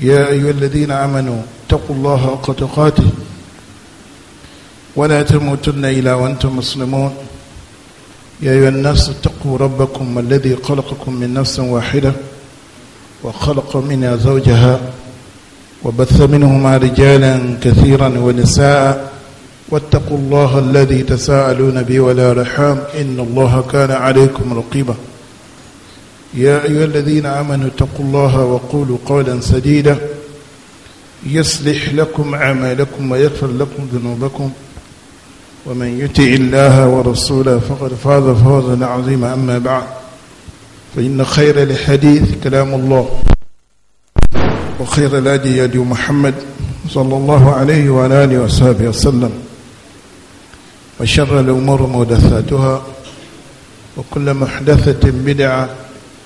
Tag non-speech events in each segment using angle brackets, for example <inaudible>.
يا أيها الذين آمنوا اتقوا الله حق تقاته ولا تموتن إلا وأنتم مسلمون يا أيها الناس اتقوا ربكم الذي خلقكم من نفس واحدة وخلق منها زوجها وبث منهما رجالا كثيرا ونساء واتقوا الله الذي تساءلون به ولا رحام إن الله كان عليكم رقيباً يا أيها الذين آمنوا اتقوا الله وقولوا قولا سديدا يصلح لكم أعمالكم ويغفر لكم ذنوبكم ومن يطع الله ورسوله فقد فاز فوزا عظيما أما بعد فإن خير الحديث كلام الله وخير الهدي هدي محمد صلى الله عليه وعلى آله وصحبه وسلم وشر الأمور محدثاتها وكل محدثة بدعة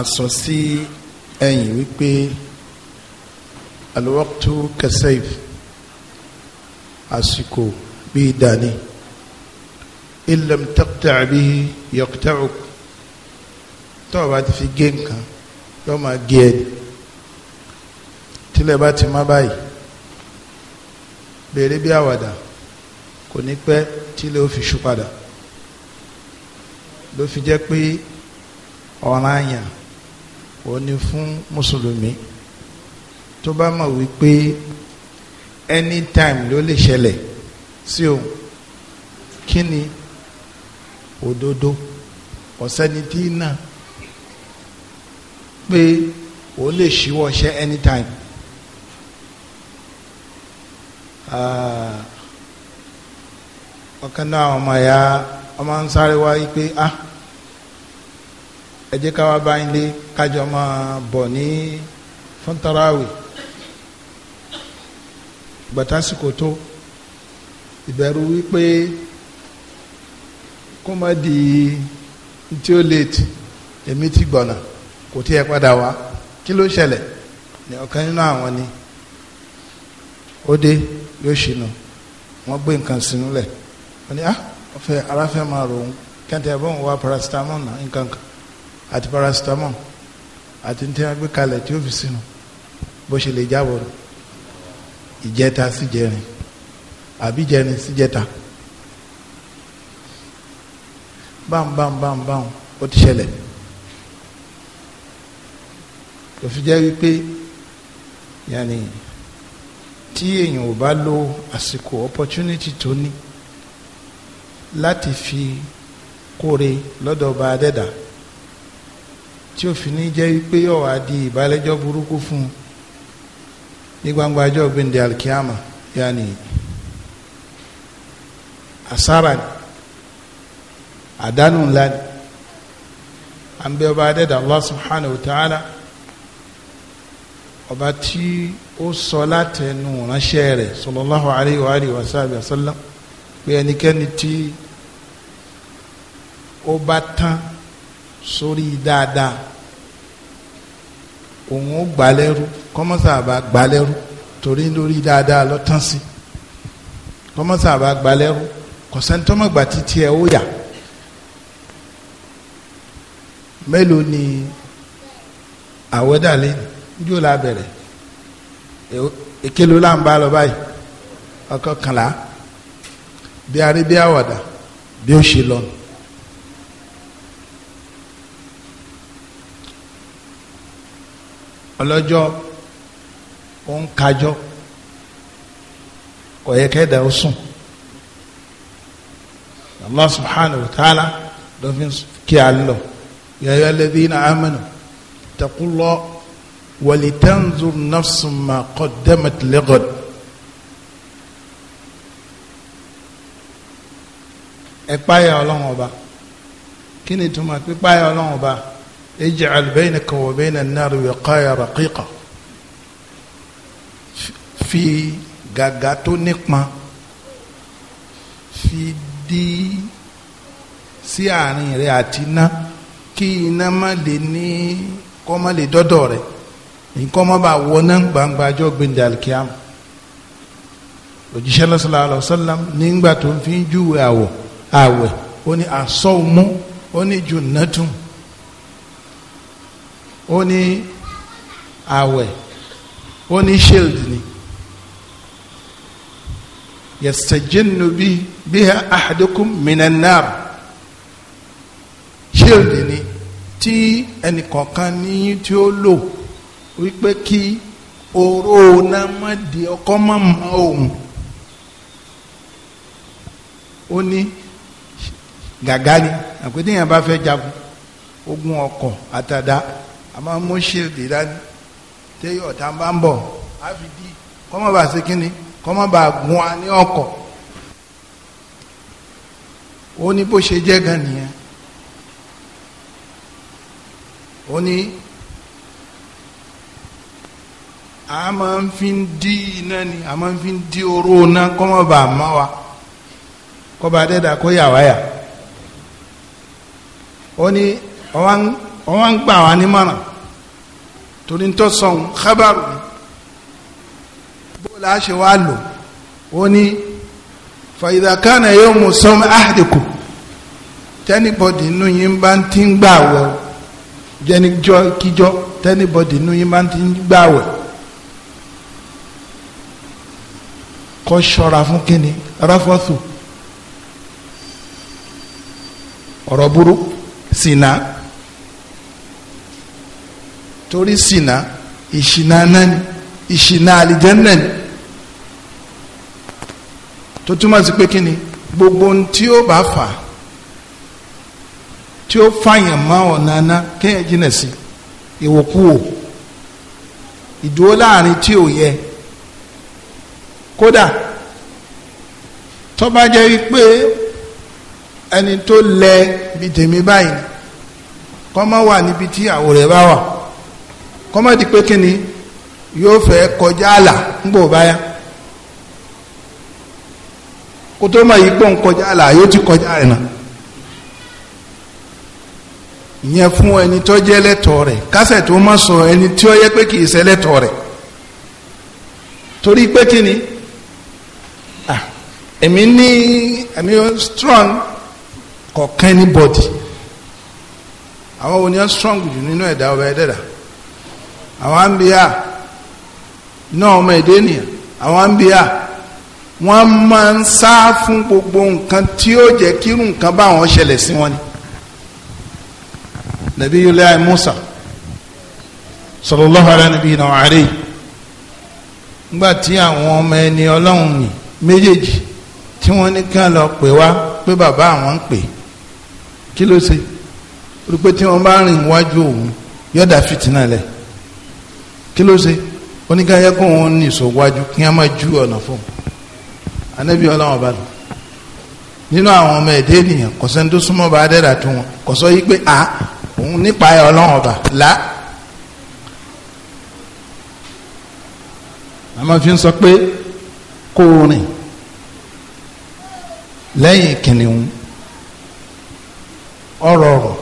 asọ sí ẹ̀yìn wípé alwaqtu kasayf àsìkò bíi dání illam taqta' bihi yaqta'uk tọ́ọ̀ bá ti fi gé nǹkan yóò máa gé ẹ tílẹ̀ ti má báyìí béèrè bí àwàdà kò ní pẹ́ tílẹ̀ ó fi ṣú padà fi jẹ́ pé ọ̀ràn àyàn ó ní fún mùsùlùmí tó bá mọ̀ wípé anytime ló lè ṣẹlẹ̀ sí òun kí ni òdodo ọ̀sẹ́ni tí náà pé ó lè ṣíwọ́ ṣe anytime. Ah, ọ̀kan náà ọmọ ẹ̀yà ọmọ ń sáré wáyé pé ah ẹ jẹ́ ká wá bá yín lé kájọ máa bọ̀ ní fún tarawih gbàtàsíkò tó ìbẹ̀rù wípé kó má di tí ó léètì èmi ti gbọ̀nà kò tí ẹ padà wá kí ló ṣẹlẹ̀ ní ọ̀kan nínú àwọn ni ó dé yóò ṣìnà wọ́n gbé nǹkan sínú lẹ̀ wọ́n ní ah ọ̀fẹ́ aráfẹ́ máa rò ó kẹ́ntẹ́ bọ́ọ̀ wá paracetamol náà nǹkan kan àti paracetamol àti ní tí wọ́n gbé kalẹ̀ tí ó fi sínú bó ṣe lè jábọ̀ ìjẹta sí jẹrin àbí jẹrin sí jẹta bámbámbámbám ó ti ṣẹlẹ̀ kò fi jẹ́ wípé yàní tí èèyàn ò bá lo àsìkò opportunity tó ní láti fi kóre lọ́dọ̀ ọba adẹ́dàá tí ó fi ní jẹ́ wípé yóò wá di ìbálẹ́jọ́ burúkú fún un ní gbangba ọjọ́ gbẹ̀ndé alikiyama yaani asara ni àdánù ńlá ni à ń bẹ ọba adẹ́dà Allah subhanahu wa ta'ala ọba tí ó sọ látẹnu ránṣẹ́ rẹ̀ sallallahu alayhi wa alihi wa sahbihi wa sallam pé ẹnikẹ́ni tí ó bá tán sórí dáadáa òun ó gbalẹ́rú kọ́mọ́sàbà gbalẹ́rú torí lórí dáadáa lọ tán sí kọ́mọ́sàbà gbalẹ́rú kọ̀sẹ́ntọ́mọ̀gbà títí ẹ̀ ó yà mélòó ni àwọ̀dàlẹ́ njó la bẹ̀rẹ̀ èkélo là ń bá lọ báyìí ọkọ̀ kànlá bí arí bí àwàdà bí ó ṣe lọ́nu. ọlọ́jọ́ ó ń kájọ́ kò yẹ kẹ́dà ó sùn Allah subhanahu wa ta'ala lọ́fin kí a lọ ya ayyuha alladhina amanu taqullah walitanzur nafsun ma qaddamat lighad. ọlọ́run ọba kí ni túmọ̀ pípáyà ọlọ́run ọba ij'al baynaka wa bayna an-nar wiqaya raqiqa fi gàgà tó nípọn fi dí sí àárín rẹ̀ àti iná kí iná má lè ní kọ́ má lè dọ́dọ̀ rẹ̀ nǹkan má bàa wọná gbangba ọjọ́ gbẹ̀ndẹ̀ alikiyama òjíṣẹ́ sallallahu alaihi wasallam nígbà tó ń fi júwe àwọ̀ àwẹ̀ ó ní asọ́ọ̀mú ó ní junnatun ó ní àwẹ̀ ó ní shield ni yastajinnu bi biha ahadukum minanar nar shield ni tí ẹnìkọ̀ọ̀kan ní tí ó lò wípé kí oró náà má di ọkọ́ má mọ òun ó ní gàgá ni àpètèyàn bá fẹ́ jagun ogun ọkọ̀ àtàdá a máa mú ṣíìdì dání téyọ̀ tá a bá ń bọ̀ á fi dí kọ́mọ́ bá ṣe kínni kọ́mọ́ bá gun wa ní ọkọ̀ ó ní bó ṣe jẹ́ gan nìyẹn ó ní a máa ń fi dí iná ni a máa ń fi dí oró iná kọ́mọ́ bá wa kọ́ba dẹ́dà kó yà wáyà ó ní wọ́n wọ́n wá ń gbà wá nímọ̀ràn torí ń tọ́ sọ̀hún kábàrù bó la ṣe wá lò ó ní fàyídàkánà yóò mú sọm áhìdìkù tẹ́nibọ̀dì inú yín bá ti ń gbà wọ jẹ́nijọ́ kíjọ́ tẹ́nibọ̀dì inú yín bá ti ń gbà wọ kọ́ ṣọ́ra fún kínní ráfọ́sù ọ̀rọ̀ burú sínà torí sìnà ìṣìnà nani, ìṣìnà àlìjẹ́nà ni tó túmọ̀ sí pé kí ni gbogbo ohun tí ó bá fà tí ó fàyàn mọ́ ọ̀nà aná kéèyàn jìnà sí ìwòkuwò ìdúró láàrin tí ò yẹ kódà tó bá jẹ́ wípé ẹni tó lẹ bìtèmí báyìí kọ́ mọ́ wà níbi tí àwòrán bá wà. kọ́mọ̀dì pé ni yóò fẹ́ kọjá àlà ńgbò báyá kó tó mọ̀ yìí gbọ́n kọjá àlà yóò ti kọjá rẹ̀ ìyẹn fún ẹni tó jẹ́ rẹ̀ kásẹ̀ tó mọ̀ sọ ẹni tí ó yẹ pé kì í rẹ̀ torí pé ni ní strong kọ̀ọ̀kan ní bọ́dì àwọn wo ni wọ́n strong jù nínú ẹ̀dá ọba àwọn àmbíyá náà ọmọ èdè nìyà àwọn àmbíyá wọ́n máa ń sá fún gbogbo nǹkan tí ó jẹ́ kírun nǹkan báwọn ṣẹlẹ̀ sí wọn ni nàbí yulẹ̀ Musa sallallahu ala nabiyina wa alayhi nígbà tí àwọn ọmọ ẹni ọlọ́run ni méjèèjì tí wọ́n ní kí wọ́n lọ pè wá pé bàbá àwọn ń pè kí ló ṣe rúpẹ́ tí wọ́n bá rìn wájú òun yọ̀dà fìtínà lẹ̀ kí ló ṣe oníkanyẹ kó wọn ní ìsọwájú kí wọn máa ju ọ̀nà fún un anabi ọlọ́wọ́n bá lò nínú àwọn ọmọ ẹ̀dẹ́ ènìyàn kọ̀sẹ́ ń tó súnmọ́ bá dẹ́rẹ́ àti wọn kọ̀sọ́ yìí pé a òun nípa ẹ̀ ọlọ́wọ́n bá là á máa fi ń sọ pé kó o rìn lẹ́yìn kìnìún ọ̀rọ̀ ọ̀rọ̀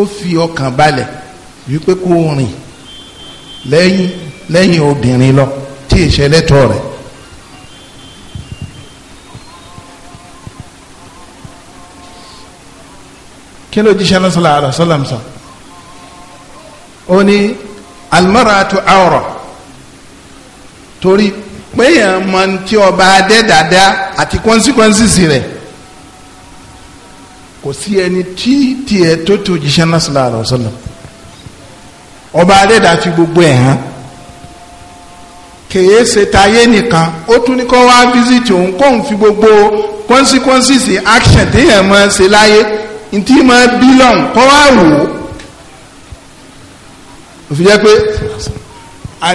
ó fi ọkàn balẹ̀ wípé kó o rìn lẹ́yìn lẹ́yìn obìnrin lọ tí ìṣẹ̀lẹ̀ tọ̀ rẹ̀. kí ló jíṣẹ́ náà sọ̀rọ̀ sọ́làm sọ. ó ní almaratu awra torí péyàn mọ tí ọba adé dáadáa àti consequences rẹ̀ kò sí ẹni tí tiẹ̀ tó tó jíṣẹ́ náà sọ̀rọ̀ àrà sọ́làm ọba adẹ́dà fi gbogbo ẹ̀ hàn kèé ṣe tayé nìkan ó tún ní kó wá visit òun kóun fi gbogbo consequences action téèyàn máa ṣe láyé ntí máa bílọ̀n kó wá wò ó òfin jẹ́ pé a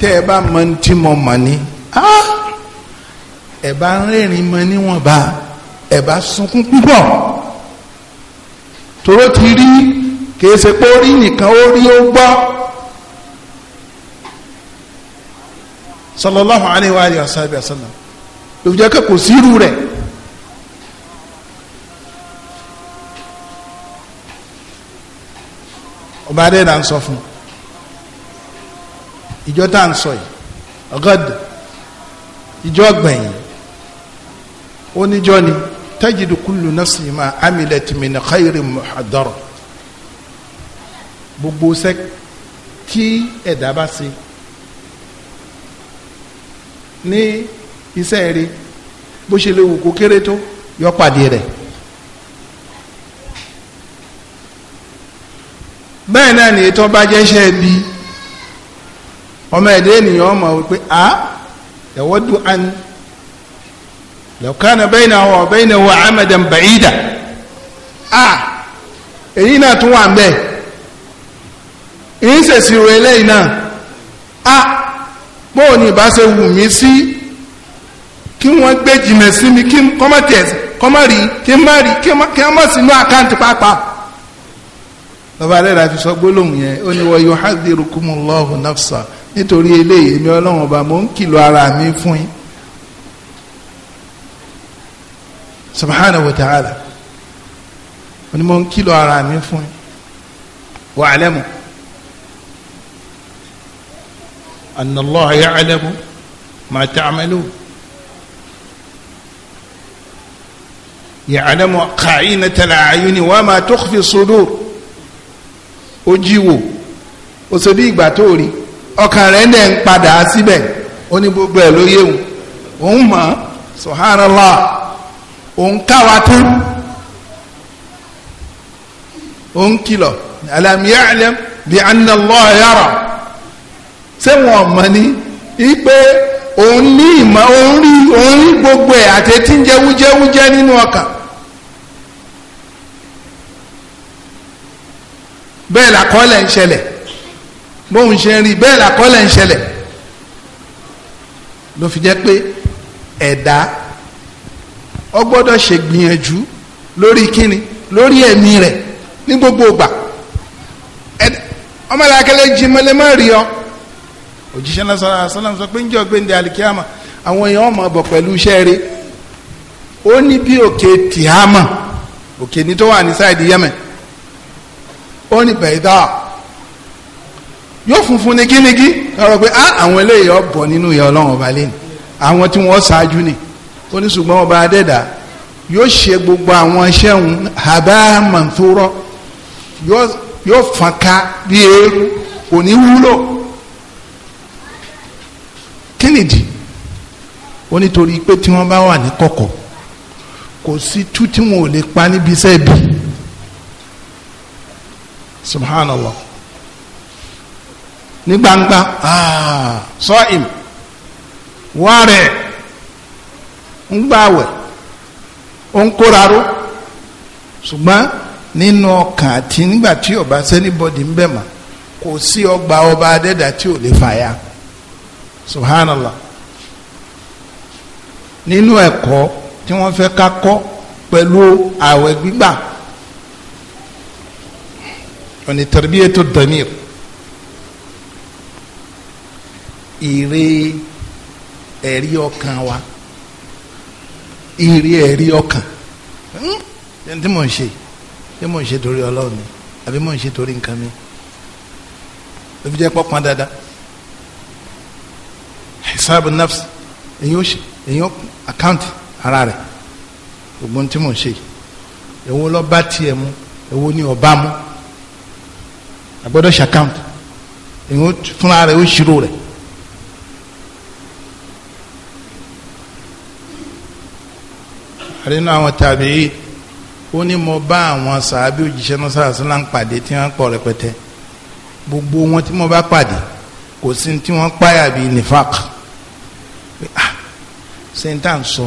tẹ́ ẹ bá mọ tí mo mọ̀ ní ah, ẹ bá ń rẹ́rìn mọ níwọ̀nba ẹ bá sunkún púpọ̀ tóró ti rí kìí ṣe pé ó rí nìkan ó rí ó gbọ́ sallallahu alayhi wa alihi wa sahbihi wa sallam lófi jẹ́ kó sí irú rẹ̀ ọba adé là ń sọ fún ìjọ tá à ń sọ yìí ọgọd ìjọ gbẹ̀yìn oníjọ ni tajidu kullu nafsin ma amilat min gbogbo sẹ́ tí ẹ̀dá bá ṣe ní iṣẹ́ rẹ̀ bó ṣe lè wò kó kéré tó yọ pàdé rẹ̀. bẹ́ẹ̀ náà ni ètò bá jẹ́ iṣẹ́ bí ọmọ ẹ̀dẹ́ ènìyàn ọmọ wípé a yawaddu an law kana baynahu wa baynahu amadan ba'ida a èyí náà tún wà ń bẹ́ẹ̀ ń ṣèṣirò eléyìí náà a bóò ní ìbá ṣe wù mí sí kí wọ́n gbé jìnnà sí mi kí kọ́mọ̀tẹ̀ kọ́mọ̀rì kí má rí kí wọ́n mọ̀ sínú àkáǹtì pàápàá lọ́ba alẹ́ra fi sọ gbólóhùn yẹn ó ní wa yuhadhirukumullahu nafsa nítorí eléyìí èmi ọlọ́run ọba mò ń kìlọ̀ ara mi fún yín subhanahu wa ta'ala ó ní mò ń kìlọ̀ ara mi fún yín wa'lamu. أن الله يعلم ما تعملون يعلم قعينة الأعين وما تخفي الصدور ojiwo òsòdì ìgbà tó rí ọkàn rẹ̀ dẹ̀ ń padà síbẹ̀ ó ní gbogbo ẹ̀ ló yéwu òun mọ̀ subhanallah òun káwa tán òun kìlọ̀ alam ya'lam bi anna Allah yara. ṣé wọn ni ipe òun ní gbogbo ẹ àti ń jẹ nínú ọkàn. bẹ́ẹ̀ làkọ́lẹ̀ ń bóun ṣe ń rí ń ló fi jẹ pé ẹ̀dá ọ ṣègbìyànjú lórí kíni lórí ẹ̀mí rẹ̀ ní gbogbo ọ òjíṣẹ́ náà sọ̀rọ̀ àṣàlám sọ pé ń jọ gbéǹde alikiyama àwọn èèyàn ọmọ bọ̀ pẹ̀lú iṣẹ́ rẹ̀ ó ní bí òkè tìhámà òkè ní tó wà ní sáìdì Yemen ó ní bẹ̀ẹ́dá yóò funfun ní gínigí ọ̀rọ̀ pé á àwọn eléyìí ọ̀bọ̀ nínú ìyá ọlọ́run ọba lẹ́nu àwọn tí wọ́n ṣáájú ni ó ní ṣùgbọ́n ọba adẹ́dà yóò ṣe gbogbo àwọn iṣẹ́ òun àbá mọ̀ntúrọ̀ yóò fọ́nká bí eérú kò ní wúlò. kí nìdí ó nítorí pé tí wọ́n bá wà ní kọkọ kò sí tú tí lè pa níbi iṣẹ́ bí subhanallah ní gbangba ah, sọ im wá rẹ̀ ń gbàwẹ̀ ó ń kóra ró ṣùgbọ́n nínú ọkàn àti nígbà tí ọba ń ọba adẹ́dà tí ò lè subhanallah nínú ẹ̀kọ́ tí wọ́n fẹ́ ká kọ́ pẹ̀lú ààwẹ̀ gbígbà ọ̀nì tarbiyatu damir ìrè ẹ̀rí ọkàn wa ìrè ẹ̀rí ọkàn hmm? ẹni tí mò ń ṣe tí mò ń ṣe torí ọlọ́run ni àbí mò ń ṣe torí nǹkan mi ló fi jẹ́ dáadáa hisab nafs èyí ó ṣe èyí ó account ara rẹ̀ gbogbo tí mò ń ṣe èwo lọ bá tiẹ̀ mu èwo ni ọba mu àgbọ́dọ̀ ṣe account èyí ó fúnra rẹ̀ ó ṣírò rẹ̀. àrínú àwọn tàbí ó ní mo bá àwọn sàábí òjíṣẹ́ náà sàásì là ń pàdé tí wọ́n pọ̀ rẹpẹtẹ gbogbo wọn tí mo bá pàdé kò sí tí wọ́n páyà bíi nifaq pé ah ṣé n tà ń sọ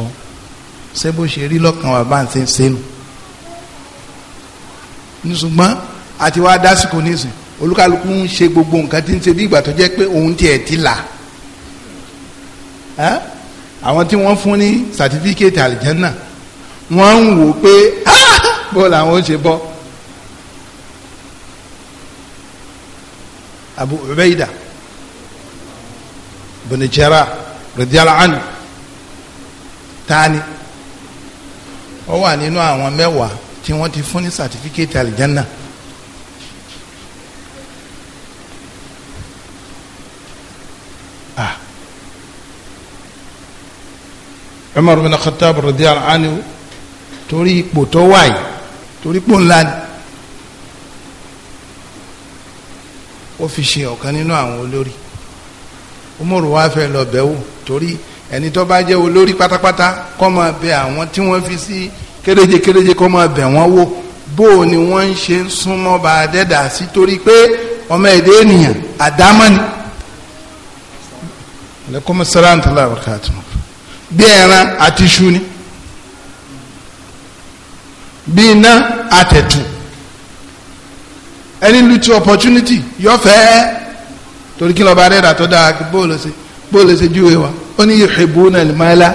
ṣé bó ṣe rí lọ́kàn wà bá ń ṣe ń ṣe nù ní ṣùgbọ́n àti wàá dásìkò nísìn olúkálùkù ń ṣe gbogbo nǹkan tí ń ṣe bí ìgbà tó jẹ́ pé òun tiẹ̀ ti là àwọn tí wọ́n fún ní sàtífíkẹ́tì àlìjẹ́nà wọ́n ń wò pé ah, bó làwọn ó ṣe bọ́. Abu Ubeida bin Jarrah radiyallahu anhu tani ó wà nínú àwọn mẹ́wàá tí wọ́n ti fún ní sàtífíkẹ́tì àlìjánná. Ah. Umar bin Khattab radiyallahu anhu torí ipò tó wáyé torí ipò ńlá ni ó fi ṣe ọ̀kan nínú àwọn olórí umaru wa fẹ́ lọ bẹ̀ wò torí ẹni tó bá jẹ́ olórí pátápátá kó máa bẹ̀ àwọn tí wọ́n fi sí kéréje kéréje kó máa bẹ̀ wọ́n wò bó o ni wọ́n ń ṣe ń súnmọ́ bá a dẹ́dà sí torí pé ọmọ èdè ènìyàn àdámọ́ ni. aleykum salaam tala bí ẹran àti iṣu ni bí iná àtẹ̀tù ẹni lu ti opportunity yọ fẹ́ẹ́ torí kí lọ́ba adẹ́dà tó dáa bóòlù sí bóòlù sí júwe wa ó ní yuhibbuna al-mala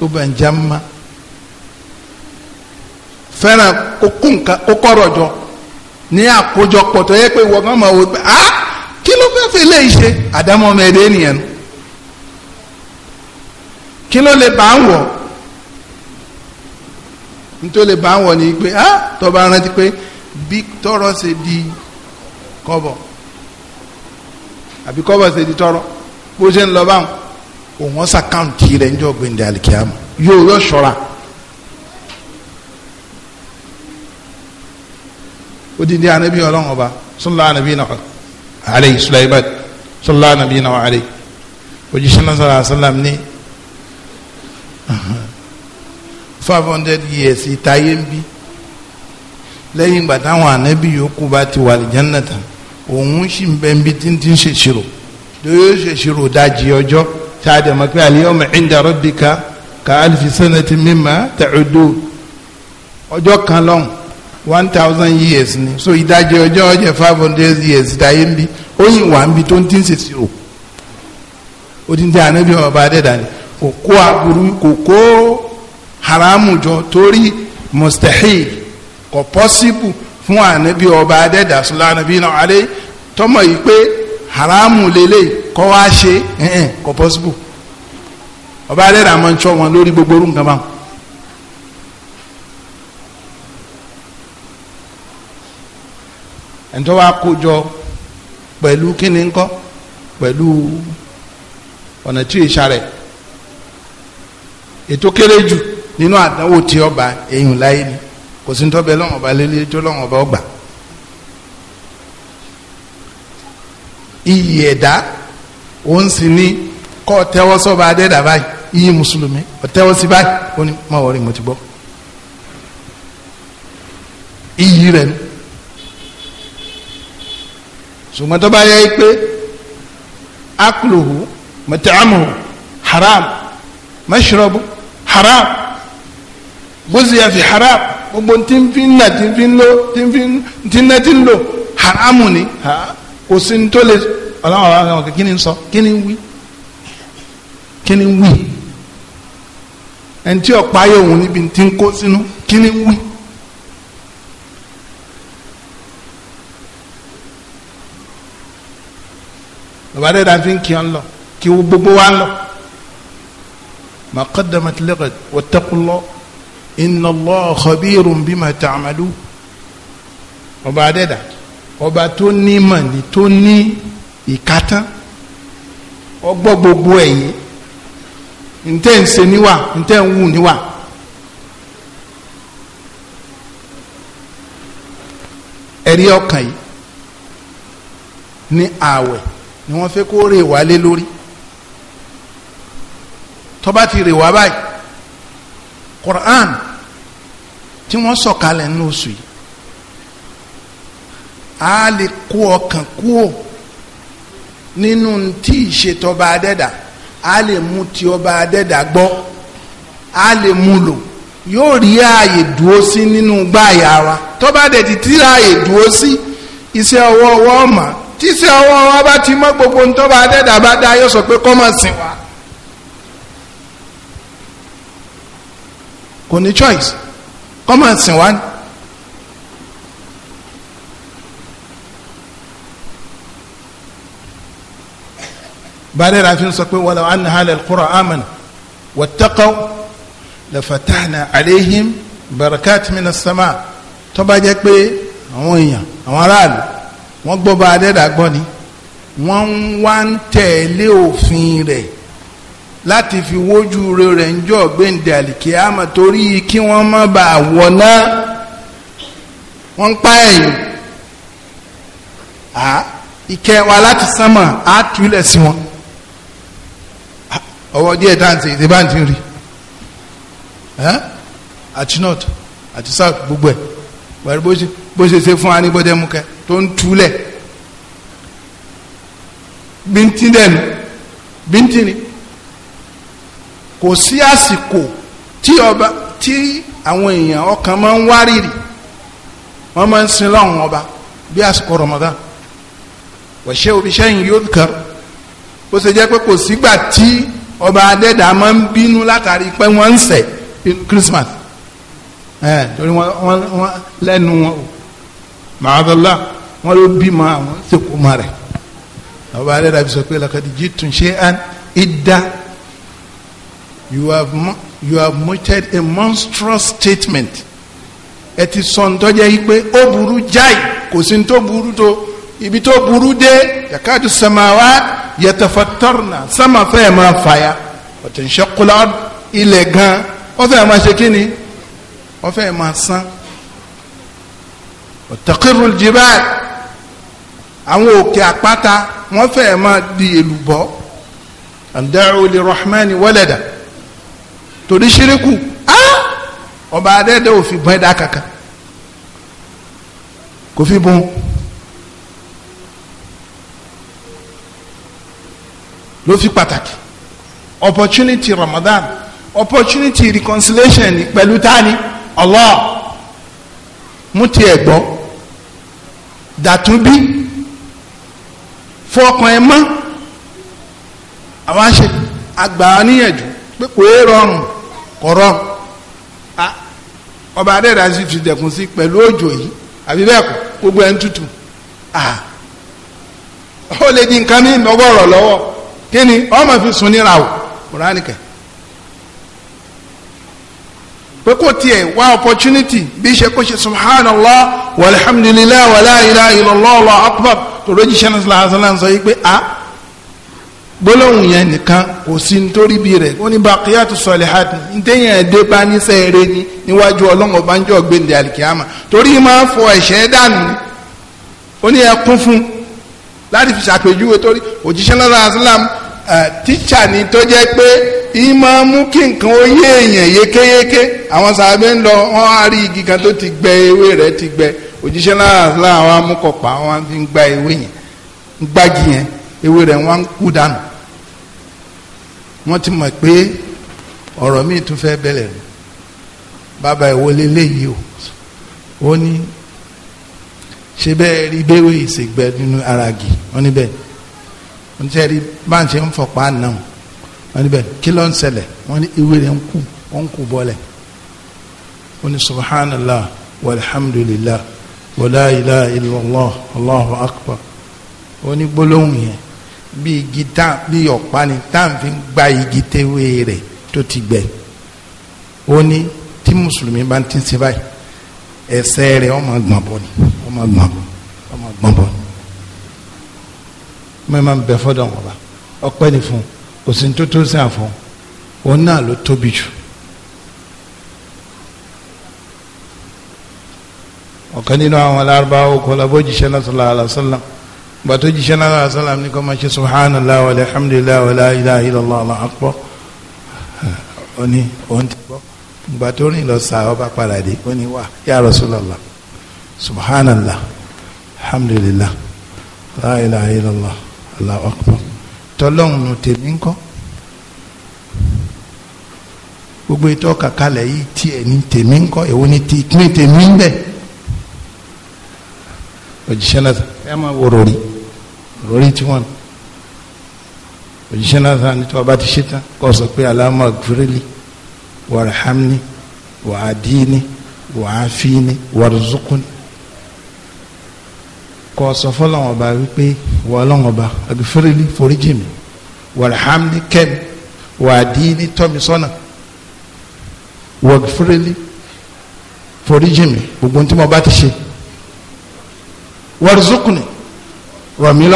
hubban jamma fẹ́ràn kókó nǹkan kókó rọ̀jọ ní àkójọpọ̀ tó yẹ pé wọ́n máa wò pé ah kí ló fẹ́ fi léyìí ṣe àdámọ́ ọmọ ẹ̀dẹ́ ènìyàn kí ló lè bá ń wọ̀ nítorí lè bá ń wọ̀ ni pé ah tọ́ba rántí pé bí tọ́rọ̀ ṣe di kọ́bọ̀ àbí kọ́ bọ̀ ṣe di tọrọ bó ṣe ń lọ báwọn òun ọ̀sà káùntì rẹ̀ ń jọ gbẹ̀ndẹ̀ àlìkíyàmù yóò yọ ṣọ́ra. odidi anabi ọlọ́run ọba sọlá anabi náà aleyhi sulaiman sọlá anabi náà aleyhi òjíṣẹ́ náà sọlá sọlám ní five hundred years ìtayé ń bí lẹ́yìn ìgbà táwọn anabi yòókù bá ti wà lìjánná tán òun sì ń bẹ níbi tí ń ti ń ṣèṣirò lórí ó ṣèṣirò dájì ọjọ́ tá a dẹ̀ mọ̀ pé al-yawma 'inda rabbika ka alfi sanati mimma ta'udun ọjọ́ kan lọ́hùn one thousand years ni so ìdajì ọjọ́ ọjọ́ five hundred years dáyé ń bí ó yìn wá ń bí tó ń ti ń ṣèṣirò ó ti ń tẹ ànábì ọba adẹ́dà ni kò kó aburú kò kó haramu jọ torí mustahil kò possible fún ànábì ọba adẹ́dà sọlá ànábì náà alẹ́ tọmọ yìí pé haramu lele kọ́ wá ṣe ẹ̀ẹ́n kọ́ possible ọba adẹ́dà máa ń tọ́ wọn lórí gbogbo orú nǹkan báwọn. ẹ̀ńtọ́ wa kó jọ pẹ̀lú kíni ńkọ́ pẹ̀lú ọ̀nà tí ìṣà rẹ̀ ètò kéré jù nínú àdánwò tí ọba èèyàn láyé ni kò sí ntọ́ bẹ lọ́wọ́n ọba lélẹ́ tó lọ́wọ́n ọba ọgbà iyì ẹ̀dá òun sì ní kọ́ tẹ́wọ́ sọ́ba adẹ́dà báyìí iyì mùsùlùmí ọ̀tẹ́wọ́ sí báyìí ó ní má wọrí mo ti gbọ́ iyì rẹ̀ nù ṣùgbọ́n tó bá yẹ pé akuluhu mataamuhu haram mashrabu haram buziya fi haram gbogbo tí ń fi nà tí ń fi ń tí ń fi tí ń nà tí ń lò haramu ni kò sí ní tó lè ọlọ́run ọlọ́run kí ni ń sọ kí ni ń wí kí ni ń wí ẹni tí ọ̀pá ayé òun níbi tí ń kó sínú kí ni ń wí. bàbá dẹ́dà fi ń kí ọ lọ kí gbogbo wa lọ. ما قدمت لغد inna Allah khabirun bima ta'malu ọba adẹ́dà ọba tó ní màní tó ní ìkátán ọgbọ́ gbogbo ẹ̀yẹ ntẹ́ ń ṣe níwà ntẹ́ ń wù níwà. ẹ̀rí ọkàn yìí ní ààwẹ̀ ni wọ́n fẹ́ kó rè wá lórí tọ́ba ti rè wá báyìí Quran tí wọ́n sọ̀kalẹ̀ nínú oṣù yìí a lè kó ọkàn kúò nínú tí ìṣètọba adẹ́dà a lè mú ti ọba adẹ́dà gbọ́ a lè mú lò yóò rí ààyè dúró sí nínú gbáàyà wa tọ́ba dẹ̀ ti tí ààyè dúró sí iṣẹ́ ọwọ́ ọwọ́ ọ̀mà tíṣẹ́ ọwọ́ wa bá ti mọ́ gbogbo ntọ́ba adẹ́dà bá dá yóò sọ pé kọ́mọ̀sìn wa. kò ní choice kọ́mọ̀ sìn wá ni. bàdé ràfin sọ pé wàllu an halẹ̀ kura amana wàtẹ́kọ̀ lafatahna aleihim barakat mina sama tó bá jẹ́ pé àwọn èèyàn àwọn aráàlú wọ́n gbọ́ bá adẹ́dàgbọ́ ni wọ́n wá ń tẹ̀lé òfin rẹ̀ láti fi wójú rẹ̀ ń jọ gbẹ̀ǹdẹ̀ àlìkíyàmà torí kí wọ́n má bàa wọ̀ná wọ́n ń pa ẹ̀yìn à ìkẹ́ wa láti sánmà á túlẹ̀ sí wọn ọwọ́ díẹ̀ dáǹtì èdè bá ń ti rí àti north àti south gbogbo ẹ̀ pẹ̀lú bó ṣe ṣe fún anígbọ́dẹ́mukẹ́ tó ń túlẹ̀ bíntínlẹ̀ bíntínlẹ̀ kò sí àsìkò tí ọba tí àwọn èèyàn ọkàn máa ń wárìrì wọ́n máa ń sin lọ́hùn ọba bí àsìkò Ramadan wàṣẹ òbíṣẹ́ yìí yóò kàr bó ṣe jẹ́ pé kò sígbà tí ọba adẹ́dà máa ń bínú látàrí pé wọ́n ń sẹ̀ Christmas ẹ̀ torí wọ́n wọ́n lẹ́nu wọn o màdàlá wọ́n ló bímọ àwọn ṣèkó ma rẹ̀ ọba adẹ́dà bí sọ pé laqad jitun shay'an idda you have you have muttered a monstrous statement ẹ ti sọ ntọ́jẹ́ yìí pé ó burú jáì kò sí tó burú tó ibi tó burú dé yakadu samawa yatafattarna sama fẹ́ máa fàya ọ̀tẹ̀nṣẹ́kùlá ilẹ̀ gan ó fẹ́ máa ṣe kíni ó fẹ́ máa sán ọ̀tẹ̀kìrù jibal àwọn òkè àpáta wọ́n fẹ́ máa di èlùbọ́ àdáwò lè rahmani walada torí ṣíríkù ọba adẹ́dẹ́ ò fi bọ́n ẹ̀dá kankan kò fi bọ́n. ló fi pàtàkì opportunity Ramadan opportunity reconciliation ni pẹ̀lú tani Allah mú tiẹ̀ gbọ́ dàtúbí fọkàn ẹ mọ́ àwọn àṣẹ àgbà níyànjú pé kò rọrùn kọ̀rọ̀ ọba adẹ́dà sì ti dẹ̀kun sí pẹ̀lú òjò yìí àbí bẹ́ẹ̀ kọ́ gbogbo ẹ̀ ń tutù ó lè di nǹkan ní ìnáwó ọ̀rọ̀ lọ́wọ́ kí ni ọmọ fi sun níra o kùránìkẹ́ pé kò tiẹ̀ wá opportunity bí ṣe kó ṣe subhanallah walhamdulillah wala ilaha illallah Allahu akbar tó lójì sẹ́ni sàlàsàlà ń sọ yìí pé a. Ah, gbólóhùn yẹn nìkan kò sí nítorí bí rẹ̀ ó ní ẹ̀dẹ́ bá ni níwájú ọlọ́run bá ń jọ gbẹ̀ndẹ̀ fọ ẹ̀ṣẹ̀ dànù ni ó ní ẹ kún fún láti fi ṣàpèjúwe torí òjíṣẹ́ náà rásílám tíṣà ni tó jẹ́ pé mú kí nǹkan ó yé èèyàn yékéyéké àwọn sàbẹ̀ ń lọ wọ́n á rí igi kan tó ti gbẹ gba ewé yẹn gbági yẹn ewé wọ́n ti mọ̀ pé ọ̀rọ̀ míì tún fẹ́ bẹ̀rẹ̀ rẹ̀ bàbá ìwọlé léyìí o ó ní ṣe bẹ́ẹ̀ rí béwé ìṣègbè nínú aragi wọ́n níbẹ̀ wọ́n ti rí báà ń ṣe ń fọ̀pá náà wọ́n níbẹ̀ kí ló ń ṣẹlẹ̀ wọ́n ní ìwé rẹ̀ ń kú wọ́n ń kú bọ́lẹ̀ wọ́n ní subhanallah walhamdulillah wala ilaha illallah allahu akbar wọ́n ní gbólóhùn yẹn bí igi tá bí ọ̀pá ni tá à ń fi gba igi tewé rẹ̀ tó ti gbẹ ó ní tí mùsùlùmí bá ń ti ṣe báyìí ẹsẹ̀ rẹ̀ ọmọ gbọ̀n bọ̀ ni ọmọ gbọ̀n bọ̀ ọmọ gbọ̀n bọ̀ ni mẹ́ẹ̀ máa bẹ fọ́dọ̀ wọn bá ọpẹ́ ni fún kò sí tó tó sàn fún òun náà ló tóbi jù. ọ̀kan nínú àwọn alárúbáwò kọlá bójì sẹ́lá sallallahu alaihi wasallam gbàtó jíṣẹ́ náà sálàm ní kọ́ máa ṣe subhanallah wa alhamdulillah wa la ilaha illallah Allahu akbar ó ní òun ti gbọ́ gbàtó rìn lọ sà ọba padà dé ó ní wà ya Rasulullah subhanallah alhamdulillah la ilaha illallah Allahu akbar tọ́lọ́hún nù tèmi ńkọ́ gbogbo ìtọ́ kàkálẹ̀ yìí tiẹ̀ ní e tèmi ńkọ́ èwo ni tèmi ń òjíṣẹ́ náà ẹ máa wo rori rori tí wọ́n òjíṣẹ́ náà sàn ní tí wọ́n bá ti ṣe tán kọ́ sọ pé aláma gírẹ́lì wàrhamni wàdíni wàáfíni wàrúzùkúni kọ́ sọ fọlọ́wọ́n ba wípé wọ́lọ́wọ́n ba agifirili foríjì mi wàrhamni kẹ́mi wàdíni tọ́mi sọ́nà wàgifirili foríjì mi gbogbo ntí bá ti ṣe warzukni rọ̀ mí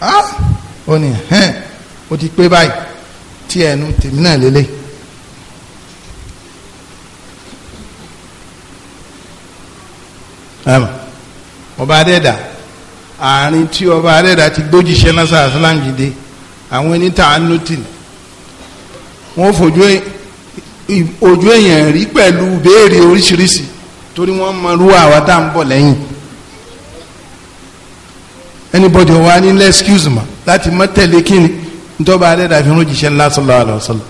ah ó ní hẹ́n ó ti pé báyìí tí ẹnu tèmi náà lélẹ̀. ọba adẹ́dà àárín tí ọba adẹ́dà ti gbójìṣẹ́ lásán àsálàǹgìdè àwọn ẹni tá a nù tì wọ́n fojú ojú rí pẹ̀lú béèrè oríṣiríṣi torí wọ́n mọ irú àwa tá à ń bọ̀ lẹ́yìn anybody wa ni lẹ́ excuse ma láti má tẹ̀lé kíni ntọ́ba alẹ́ dàbí irun jíṣẹ́ ńlá sallallahu alaihi wasallam.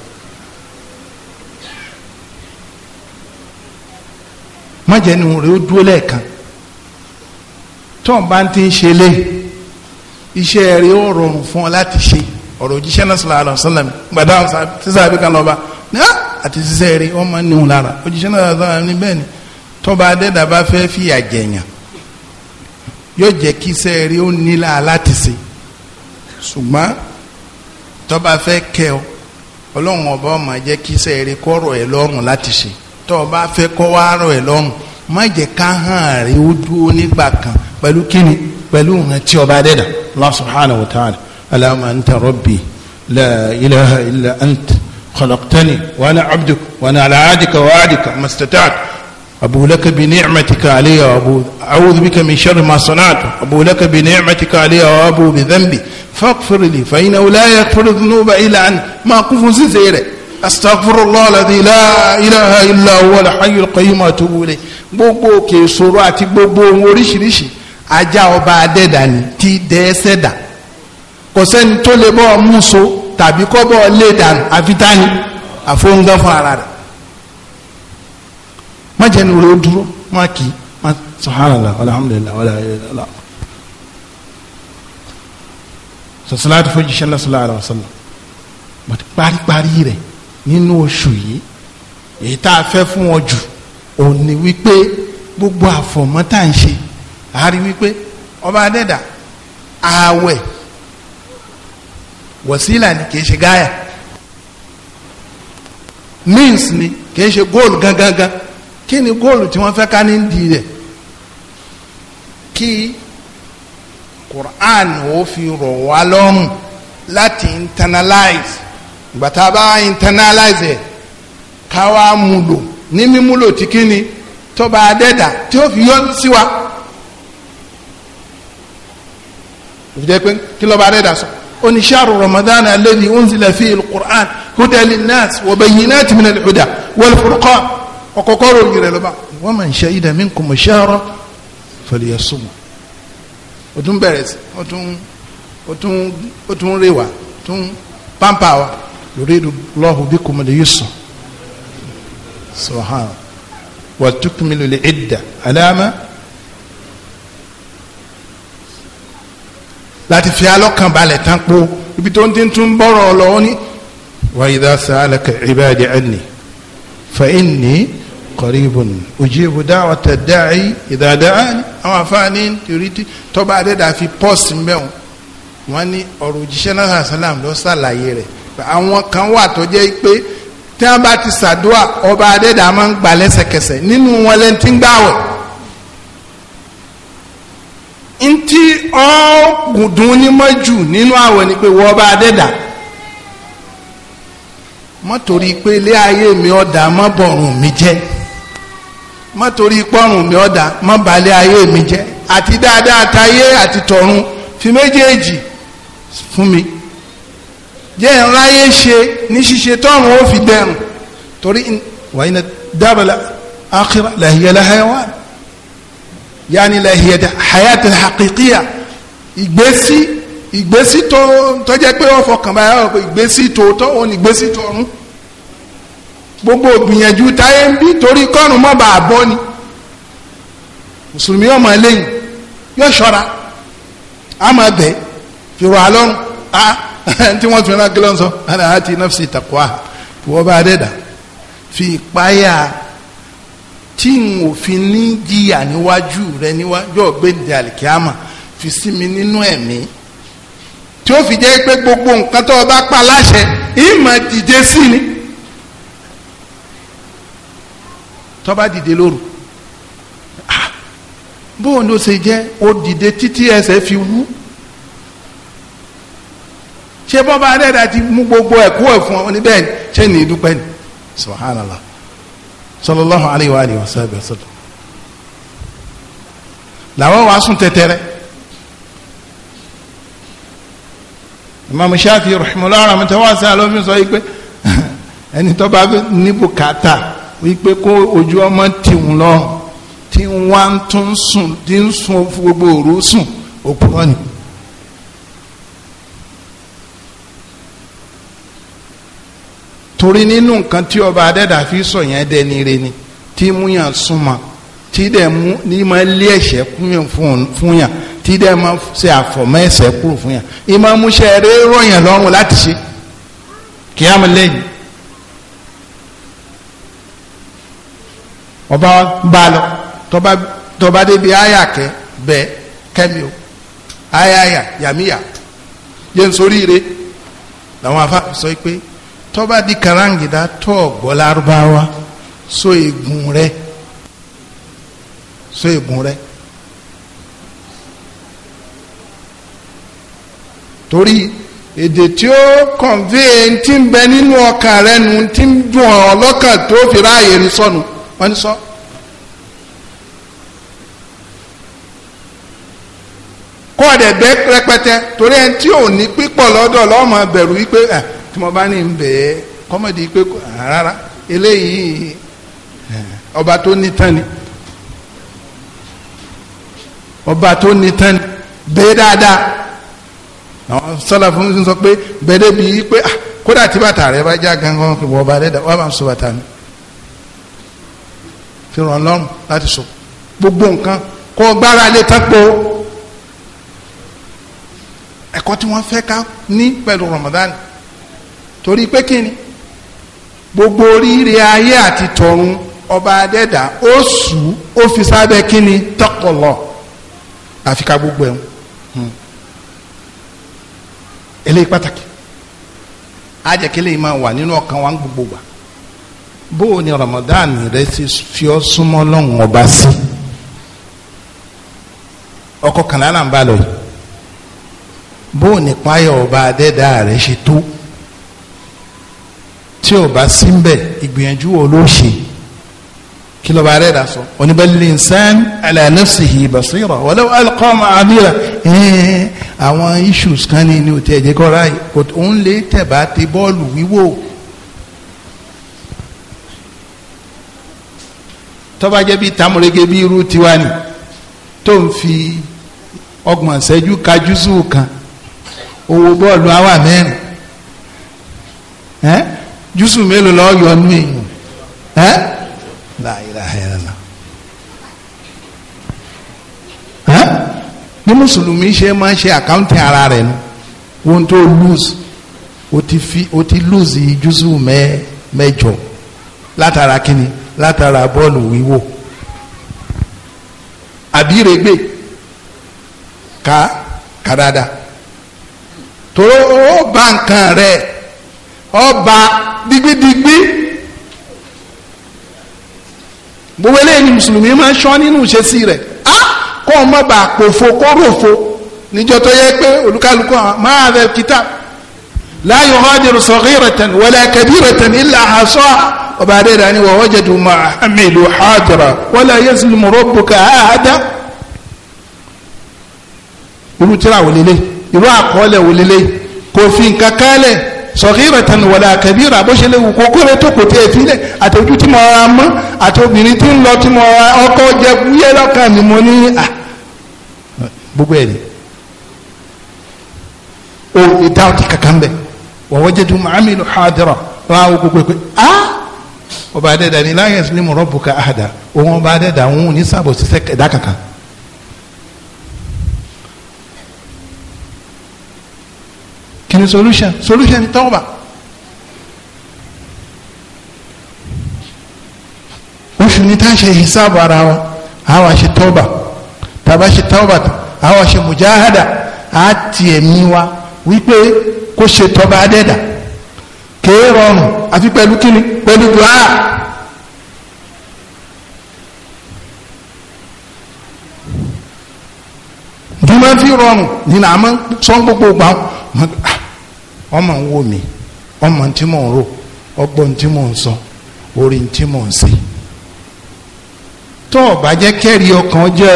májẹ̀nu rẹ̀ ó dúró lẹ́ẹ̀kan tọ́n bá ń ti ń ṣe lé iṣẹ́ rẹ̀ ó rọrùn fún ọ láti ṣe ọ̀rọ̀ jíṣẹ́ náà sallallahu alaihi wasallam gbàdá sísá àbíkan lọ́ba àti sísẹ́ rẹ̀ wọ́n máa ń níhun lára òjíṣẹ́ náà sallallahu alaihi wasallam ní bẹ́ẹ̀ ni tọ́ba adẹ́dàbá fẹ́ fìyà jẹ̀yàn yóò jẹ́ kí iṣẹ́ rí ó nílà láti ṣe ṣùgbọ́n tó bá fẹ́ kẹ́ ọ ọlọ́run ọba ọmọ jẹ́ kí iṣẹ́ rí kọ́rọ̀ ẹ lọ́rùn láti ṣe tó bá fẹ́ kọ́ wá rọ̀ ẹ lọ́rùn má jẹ́ ká hàn rí ó dúró nígbà kan pẹ̀lú kíni pẹ̀lú ìrántí ọba dẹ́dà Allah subhanahu wa ta'ala alama anta la ilaha illa anta khalaqtani wa ana abduk wa ana ala adika أبو لك بنعمتك علي وأبو أعوذ بك من شر ما صنعت أبو لك بنعمتك علي وأبو بذنبي فاغفر لي فإنه لا يغفر الذنوب إلا أن ما قف زيرة أستغفر الله الذي لا إله إلا هو الحي القيوم أتوب إليه gbogbo òkè ìṣòro àti gbogbo ohun oríṣiríṣi ajá ọba adẹ́dà ni ti dẹ́ sẹ́dà kò sẹ́ni tó lè bọ́ ọ mú so tàbí kọ́ bọ́ ọ lé dànù àfi tání àfóńgán ara rẹ̀ má jẹ́ nu rẹ̀ ó dúró má kì í má subhanallah alhamdulilah wàlá ilàlá sọ̀sọ́láàtì fún jíṣẹ́ náà sọ̀lá àlọ́ but paríparí rẹ̀ nínú oṣù yìí èyí tá a fẹ́ fún wọn jù òun ni wípé gbogbo àfọ̀mọ́ tá à ń ṣe a rí wípé ọba adẹ́dà ààwẹ̀ wọ̀sílà ni kì í ṣe gáyà means ni kì í ṣe góòlù gangan gan kí ni góòlù tí wọ́n fẹ́ ká ní di rẹ̀ kí Quran ó fi rọ̀ wá lọ́rùn láti internalize ìgbà tá a bá internalize ẹ̀ ká wá múlò ní mímúlò tí kí ni tọ́ba adẹ́dà tí ó fi yọ sí wa ìjẹ́ pé kí lọ́ba adẹ́dà sọ ó ní shahru Ramadan alladhi unzila fihi al-Qur'an hudan lin-nas wa bayyinatin min al-huda wal-furqan ọ̀kọ̀kọ́ ròyìn rẹ̀ lọ́ba wọ́n máa ń ṣe ìdá mi kò mọ̀ ṣe ọ̀rọ̀ fẹ̀lẹ̀ ẹ̀sùn mọ̀ ó tún bẹ̀rẹ̀ sí ó tún ó tún ó tún rè wá tún pampa wa lórí lọ́hù bí kò mọ̀ sùn subhanahu wa tukmilu lè ẹ̀dà alama láti fi alọ́kàn balẹ̀ tán po ibi tó ń ti tún bọ́rọ̀ lọ́wọ́ ni wa idha sa'alaka ibadi anni fa inni qaribun ujibu da'wata ad-da'i idha da'ani àwọn afáàní tìrìtì tọ́ba adẹ́dà fi pọ́ọ̀sì mẹ́wọ̀n wọ́n ní ọ̀rọ̀ òjíṣẹ́ náà sàlám lọ sàlàyé rẹ̀ àwọn kan wà tó jẹ́ pé tí wọ́n bá ti sàdúà ọba adẹ́dà máa ń gbà lẹ́sẹ̀kẹsẹ̀ nínú wọn lẹ́ni tí ń gbàwẹ̀ ntí ọ̀gùndùn onímọ̀jù nínú àwẹ̀ ni pé wọ́n ọba adẹ́dà mọ́tòrí pé ilé ayé mi ọ̀dà mọ́bọ̀rùn mi jẹ́ má torí pọ́rùn mi ọ̀dà má balẹ̀ ayé mi jẹ́ àti dáadáa tayé àti tọ̀run fi méjèèjì fún mi jẹ́ ńláyé ṣe ní ṣíṣe tọ́run ó fi dẹrùn torí wàá iná dábàlá akhira lahiya lahayawa yaani lahiya hayat alhaqiqiya ìgbésí ìgbésí tó tọ́jẹ́ pé wọ́n fọkàn báyà ìgbésí tó tọ́ òun ìgbésí tọ̀run gbogbo ògbìyànjú táyé ń bí torí kọ́run mọ́ bàá bọ́ ni mùsùlùmí ọmọ lẹ́yìn yóò ṣọ́ra a máa bẹ̀ fìrọ̀ alọ́run a tí wọ́n fi rán kí ló ń sọ ẹnì àti nọ́ọ̀sì tàkùá wọ́n bá dẹ́dà fi ìpáyà tí ò fi ní jìyà níwájú rẹ níwájú ọ̀gbẹ́ni àlìkíámà fi sí mi nínú ẹ̀mí tí ó fi jẹ́ pé gbogbo nǹkan tó o bá pa láṣẹ ìmọ̀ dìde sí ni. tó bá dìde lóru ah, bóun ló ṣe jẹ́ ó dìde títí ẹsẹ̀ fi wú ṣé bọ́ba adẹ́dà ti mú gbogbo ẹ̀kú ẹ̀ fún ọ níbẹ̀ ṣé ní dúpẹ́ ni subhanallah sallallahu alayhi wa alihi wa sallam làwọn wàá sùn tẹ̀tẹ̀rẹ̀ imaamu shafi rahimahullah rahmatulahi wa sallam sọ yìí pé <laughs> ẹni tó bá ní bùkátà wípé kó ojú ọmọ tìhun lọ tí wọ́n á tún sùn tí ń sun gbogbo òru sùn òpùrọ̀ ni. torí nínú nǹkan tí ọba adẹ́dà fi sọ yẹn dẹni re ni tí mú yàn súnmọ́ tí dẹ̀ mú ní máa lé ẹ̀ṣẹ̀ kúnyàn fún yàn tí dẹ́ máa ṣe àfọ̀mọ́ ẹ̀ṣẹ̀ kúrò fún yàn ìmọ̀ múṣẹ́ eré rọ̀yàn lọ́rùn láti ṣe kí á mọ̀ lẹ́yìn ọba ń bá lọ tọba tọba débi àyà kẹ bẹ kẹmi o àyà yà yàmíyà yẹn sórí rẹ làwọn afa sọ pé tọba di karangida tọ gbọlarubawa so egun rẹ so egun rẹ torí èdè tí ó convey ti ń bẹ nínú ọkàn rẹ nu ti ń dùn ọ lọ́kàn tó fi ráàyè sọnù. So wọ́n ní sọ. kọ́ ọ̀dẹ̀ bẹ́ rẹpẹtẹ torí ẹni tí ò ní pípọ̀ lọ́dọ̀ lọ́mọ bẹ̀rù wípé ẹ̀ tí mo bá ní ń bẹ̀ ni ọba tó ní tán ni bẹ́ẹ̀ dáadáa àwọn sọlá fún mi sọ pé bẹ́ẹ̀ débi pé kódà tí bàtà rẹ gangan rẹ fi ràn lọ́rùn láti so gbogbo nǹkan kó gbára lé tán po ẹ̀kọ́ tí wọ́n fẹ́ ká ní pẹ̀lú Ramadan torí pé kí ni gbogbo oríire ayé àti tọ̀run ọba adẹ́dà ó sù ó fi sábẹ́ kí ni tọkọlọ àfi ká gbogbo ẹ̀hún hmm. eléyìí pàtàkì á jẹ́ máa wà nínú ọkàn wa ń gbogbo wa bó o ní Ramadan rẹ ti fi ọ súnmọ́ lọ́hùn ọba sí ọkọ kànáà là ń bá lọ yìí bó o ní páyọ̀ ọba adẹ́dá rẹ ṣe tó tí o bá sí ń bẹ̀ ìgbìyànjú wo ló ṣe kí ló bá rẹ̀ dà sọ oníbẹ̀lẹ̀ nsán ala nafsihi basira walau alqa ma'amira ẹ̀ẹ́n àwọn issues kan ní ní o tẹ̀ ẹ̀jẹ̀ kọ́ ra òun lè tẹ̀ bá ti bọ́ọ̀lù wíwò. tọ́ba jẹ́ bí tamurege bí irú tiwa ni tó ń fi ọgbọ̀n ṣẹ́jú ka júzù kan owó bọ́ọ̀lù awa mẹ́rin ẹ́ júzù mélòó lọ́ọ́ yọ nú èèyàn ẹ́ la ilaha illallah bí mùsùlùmí ṣe máa ń ṣe àkáǹtì ara rẹ̀ nu ohun tó lose o ti fi o ti lose júzù mẹ́jọ látara kínni látara bọ́ọ̀lù wíwò àbírègbè ká kàdáda tóró ó ba nǹkan rẹ ọba digbidigbi gbogbo eléyìí ni mùsùlùmí máa ń ṣọ́ nínú ìṣesí rẹ̀ á kó ọmọ bá pòfo kó ròfo níjọ tó yẹ pé olúkálukú máa rẹ kitab la yughadiru saghiratan wala kabiratan illa ọba adéra ni wọ́n wọ́jẹ̀ tó máa hamilu hadira wala yazlimu rabbuka ahada irú tíra wòlélẹ̀ irú àkọọ́lẹ̀ wòlélẹ̀ kò fi nǹkan kálẹ̀ saghiratan wala kabira bó ṣe lè wù kó kóre tó kò tiẹ̀ filẹ̀ àtẹ̀jú tí mo ra mọ́ àti obìnrin tí ń lọ tí mo ra ọkọ̀ jẹ kúyẹ́ lọ́kàn ni mo ní à ah! gbogbo ẹ̀ ni o ìdáhùn ti kankan bẹ̀ wọ́n wọ́jẹ̀ tó máa hamilu hadira ọba da ni láyé ẹ̀sìn ní mo rọ́ọ̀bù ká àdá òun ọba adẹ́dà òun ní sábò sísẹ́ ẹ̀dá kankan. kí ni solution solution ni tọ́wọ́bà. oṣù ní tá a ṣe hisabu ara wa a wá ṣe tọ́wọ́bà tàbá ṣe tọ́wọ́bà a wá ṣe mujahada a tiẹ̀ mi wa wípé kó ṣe tọ́ba adẹ́dà. kèé rọrùn àfi pẹ̀lú kíni pẹ̀lú dùá bí fi rọrùn nínú àmọ́ sọ́n gbogbo gbà ah, ọmọ ń wò mí ọmọ tí mò ń rò ọgbọ́n tí mò ń sọ orí tí mò ń ṣe tó o bá kẹ́rì ọkàn jẹ́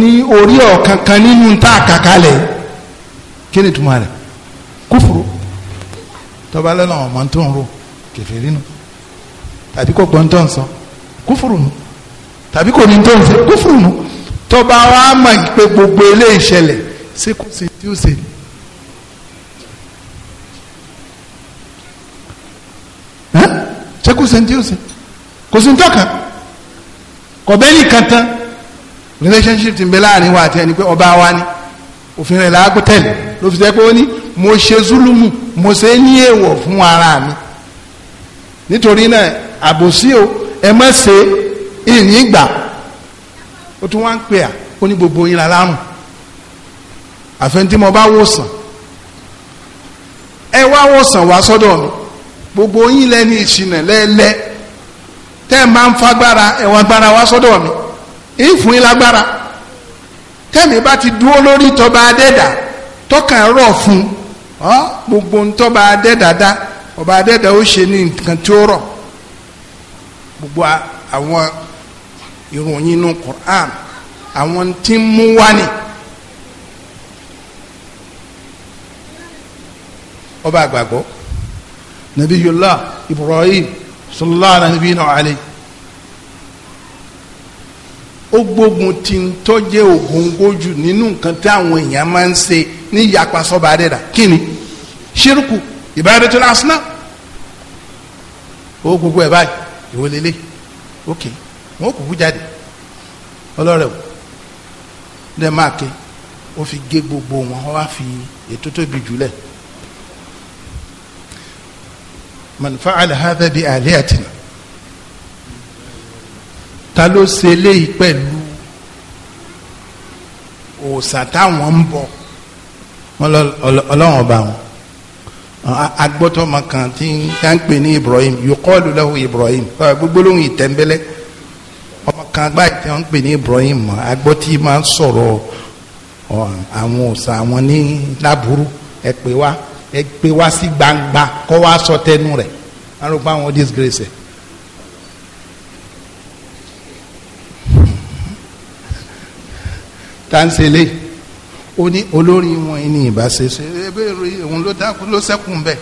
ní orí ọ̀kan nínú tá a kàkálẹ̀ kí ni rẹ̀ tọ́ba lọ́nà ọmọ tó ń ro kẹfẹ́ rínu tàbí kò gbọ́n tó ń sọ kúfùrù nù tàbí kò ní tó ń sọ kúfùrù nù tọ́ba wa mọ̀ pé gbogbo eléyìí ṣẹlẹ̀ ṣé kò sí tí ó ṣe ni. ṣé kò kò sí tọ́ka kò bẹ́ẹ̀ relationship ti ń bẹ láàrin wa àti ẹni pé ọba wa ni òfin rẹ̀ làákò tẹ̀lé ló fi jẹ́ pé ó ní mo ṣe zulumu mo ṣe ní èèwọ̀ fún ara mi nítorí náà àbòsí o ẹ má ṣe ìyìn gbà ó tún wá ń pè à ó ní gbogbo yín lárùn àfẹnití mo bá wòsàn ẹ wá wòsàn wá sọ́dọ̀ mi gbogbo yín lẹni ìṣìnà lẹ́lẹ́ tẹ́ ẹ máa ń fagbára ẹ wá gbára wá sọ́dọ̀ mi ìfún yín lágbára tẹ́mi bá ti dúró lórí tọba adẹ́dà tọkàn rọ̀ fún un ọ gbogbo ntọ́ba adẹ́dàdá ọba adẹ́dà ó ṣe ní nǹkan tí ó rọ̀ gbogbo àwọn ìròyìn inú Qur'an àwọn tí ń mú wá ni ọba àgbàgbọ́ nabiyullah Ibrahim sallallahu alayhi wa sallam ó gbógun ti ń tọ́jẹ́ ògóńgójù nínú nǹkan tí àwọn èèyàn máa ń ṣe ní ìyapa sọ́ba rẹ̀ dà kí ni ṣírùkù ìbáraẹni tó lásán náà ó gbogbo ẹ̀ báyìí ìwé lélẹ̀ ok wọn ó kúkú jáde ọlọ́rẹ̀ o lẹ́ẹ̀ máa ké ó fi gé gbogbo wọn wá fi ètò tóbi jùlẹ̀ man fa'ala hadha bi alihatina ta ló ṣe eléyìí pẹ̀lú òòsà táwọn ń bọ̀ wọn ọlọ́run ọba wọn agbọ́tọ́mọ kan tí ń pè ní Ibrahim yuqalu lahu Ibrahim gbogbo lóhùn ìtẹ́ńbẹ́lẹ́ ọmọ kan báyìí tí wọ́n ń pè ní Ibrahim agbọ́tí máa ń sọ̀rọ̀ àwọn òòsà àwọn ní lábúrú ẹ pè wá ẹ pè wá sí gbangba kọ́ wá sọ tẹnu rẹ̀ arúgbó àwọn disgrace ẹ̀. tánsẹ̀lẹ̀ ó ní olórí wọn ní ìbáṣeṣe ebéèrè òun ló dákú ló sẹ́kùn bẹ́ẹ̀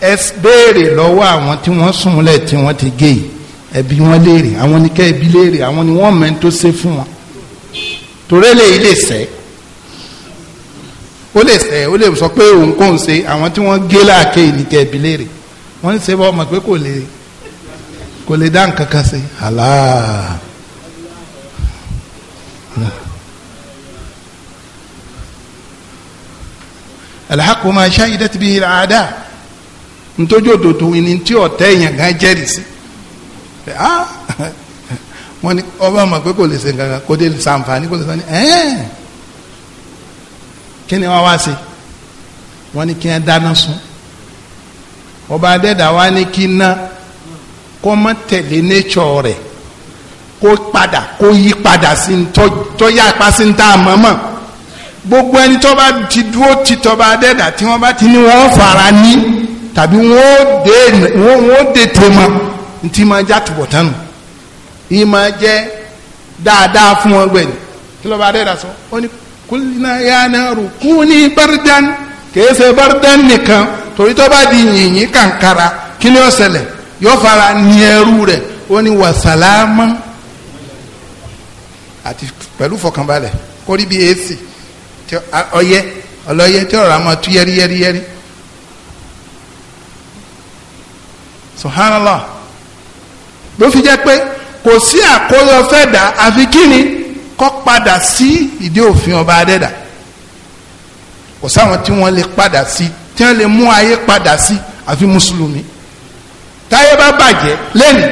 ẹ béèrè lọ́wọ́ àwọn tí wọ́n súnmọ́lẹ̀ tí wọ́n ti gé yìí ẹbí wọn léèrè àwọn ní kẹ́ ẹbí léèrè àwọn ni wọ́n mẹ́ni tó ṣe fún wọn torí lè lè sẹ́ ó lè sẹ́ ó lè sọ pé òun kò ń ṣe àwọn tí wọ́n gé láàké ní kẹ́ ẹbí léèrè wọ́n ṣe bọ́ ọmọ pé kò lè kò lè dá nǹkan kan ṣe àlá. alhaq ma shahidat bihi al-aada ntọ́jú òdòdó ni tí ọ̀tẹ́ èèyàn gan jẹ́rìí sí ah! <laughs> wọ́n ní ọba mọ̀ pé kò lè ṣe nǹkan kan kò dé sàǹfààní kò lè sàǹfààní ẹ̀ẹ́n kí ni wọ́n wá sí wọ́n ní kí wọ́n dáná sun ọba adẹ́dà wa ní kí ná kó rẹ̀ kó padà kó yí padà sí tọ́yà pa sí ní tá gbogbo ẹni tó bá ti dúró ti tọba adẹ́dà tí wọ́n bá ti ní wọ́n fara ní tàbí wọ́n dé tèmọ̀ ntí máa já tùbọ̀ tánu yìí máa jẹ́ dáadáa fún wọn gbẹ̀yìn kí lọ́ba adẹ́dà sọ ó ní kulina ya kú kese bardan nìkan torí tó bá di yìnyín kànkara kí ni ó ṣẹlẹ̀ yóò fara ní ẹrú rẹ̀ ó ní wàsálàmù àti pẹ̀lú fọkànbalẹ̀ kórìbí èsì. ọyẹ ọlọyẹ tí ọ̀rọ̀ àmọ́ tú yẹri yẹri yẹri subhanallah ló fi jẹ́ pé kò sí àkóyọ fẹ́ dà àfi kíni kọ́ padà sí ìdí òfin ọba adẹ́dà kò sáwọn tí wọ́n lè padà sí tí wọ́n lè mú ayé padà sí àfi mùsùlùmí táyé bá bàjẹ́ lẹ́nu